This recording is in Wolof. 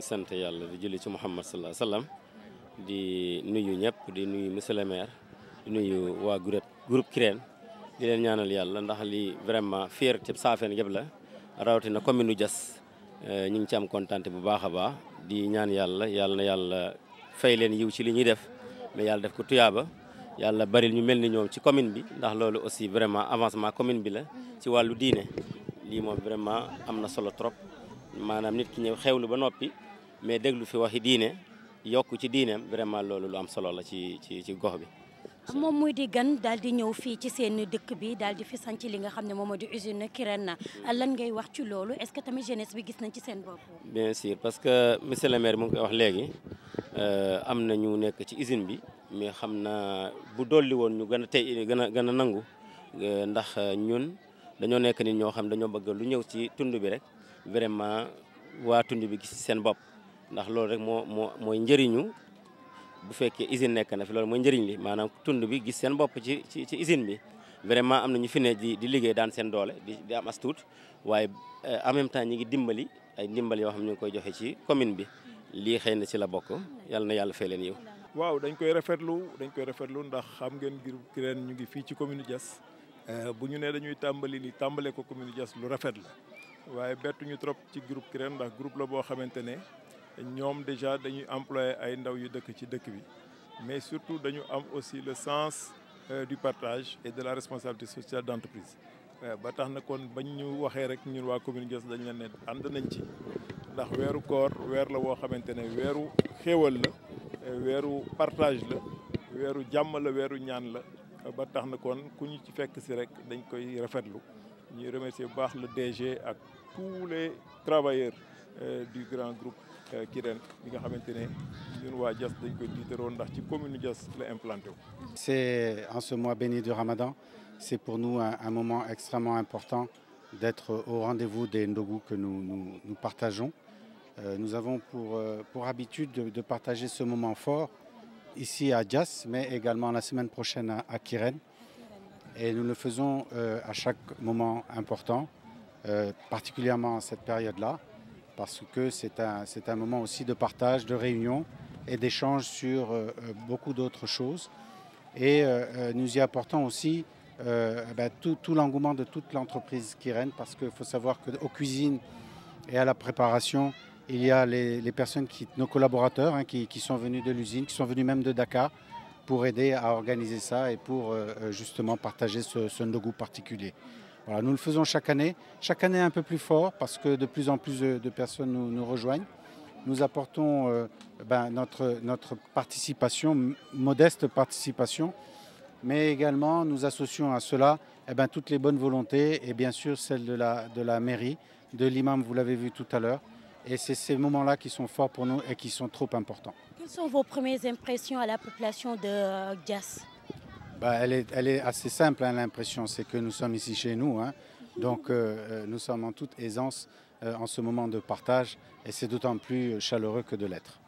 ngi sant yàlla di julli ci Muhammad sallallahu alayhi di nuyu ñëpp di nuyu monsieur le maire di nuyu waa groupe groupe Kirène di leen ñaanal yàlla ndax li vraiment fier ci Saafeen yëpp la rawatina commune jas Diass euh, ñu ngi ci am bu baax a baax di ñaan yàlla yàlla na yàlla fay leen yiw ci li ñuy def mais yàlla def ko tuyaaba yàlla baril ñu mel ni ñoom ci commune bi ndax loolu aussi vraiment avancement commune bi la ci wàllu diine lii moom vraiment am na solo trop maanaam nit ki ñëw mais déglu fi yi diine yokk ci diineem vraiment loolu lu am solo la ci ci ci gox bi. moom muy di gan daal di ñëw fii ci seen dëkk bi daal di fi sanc li nga xam ne moom moo di usine na lan ngay wax ci loolu est-ce que tamit jeunesse bi gis nañ ci seen bopp. bien sûr parce que monsieur le maire mu ngi koy wax léegi euh, am na ñu nekk ci usine bi mais xam na bu dolli woon ñu gën a tey gën a gën a nangu euh, ndax euh, ñun dañoo nekk nit ñoo xam dañoo bëgg lu ñëw ci tund bi rek vraiment waa bi gis seen bopp. ndax loolu rek moo moo mooy njëriñu bu fekkee usine nekk na fi loolu mooy njëriñ li maanaam tund bi gis seen bopp ci ci ci usine bi vraiment am na ñu fi ne di di liggéey daan seen doole di di am astuut waaye euh, en même temps ñi ngi dimbali ay dimbali yoo xam ñu ngi koy joxe ci commune bi lii xëy na ci la bokk yàlla na yàlla fay leen yow. waaw dañ koy rafetlu dañ koy rafetlu ndax xam ngeen groupe Kirène ñu ngi fii ci commune Diass euh, bu ñu nee dañuy tàmbali ni tàmbale ko commune Diass lu rafet la waaye bettuñu trop ci groupe Kirène ndax groupe la boo xamante ne. ñoom déjà dañuy employé ay ndaw yu dëkk ci dëkk bi mais surtout dañu am aussi le sens euh, du partage et de la responsabilité sociale d'entreprise euh, ba tax na kon bañ ñu waxee rek ñun waa commune Guesso dañ leen ne ànd nañ ci ndax weeru koor weer la woo xamante ne weeru xéewal la euh, weeru partage la weeru jàmm la weeru ñaan la ba tax na koon ku ñu ci fekk si rek dañ koy rafetlu ñuy remercier bu baax le DG ak tous les travailleurs Euh, du grand groupe euh, Kirène bi nga xamante ne waa Diass dañ ndax ci commune Diass la implanté wu. c'est en ce mois béni du Ramadan c'est pour nous un, un moment extrêmement important d'être au rendez-vous des ndogu que nous nous, nous partageons. Euh, nous avons pour euh, habitude de, partager ce moment fort ici à Diass mais également la semaine prochaine à, à Kirène et nous le faisons euh, à chaque moment important particulièrement à cette période-là. parce que c'est un, un, moment aussi de partage, de réunion et d'échange sur euh, euh, beaucoup d'autres choses. Et euh, nous y apportons aussi ben, tout, tout l'engouement de toute l'entreprise qui règne, parce qu'il faut savoir qu'aux cuisines et à la préparation, il y a les, les personnes, qui, nos collaborateurs, hein, qui, qui, sont venus de l'usine, qui sont venus même de Dakar pour aider à organiser ça et pour euh, justement partager ce, ce particulier. Voilà, nous le faisons chaque année, chaque année un peu plus fort parce que de plus en plus de, de personnes nous, rejoignent. Nous apportons euh, notre, participation, modeste participation, mais également nous associons à cela eh ben, toutes les bonnes volontés et bien sûr celle de la, de la mairie, de l'imam, vous l'avez vu tout à l'heure. Et c'est ces moments-là qui sont forts pour nous et qui sont trop importants. Quelles sont vos premières impressions à la population de Gias euh, bah, elle, est, elle est assez simple, hein, l'impression, c'est que nous sommes ici chez nous. Donc euh, euh, nous sommes en toute aisance euh, en ce moment de partage et c'est d'autant plus chaleureux que de l'être.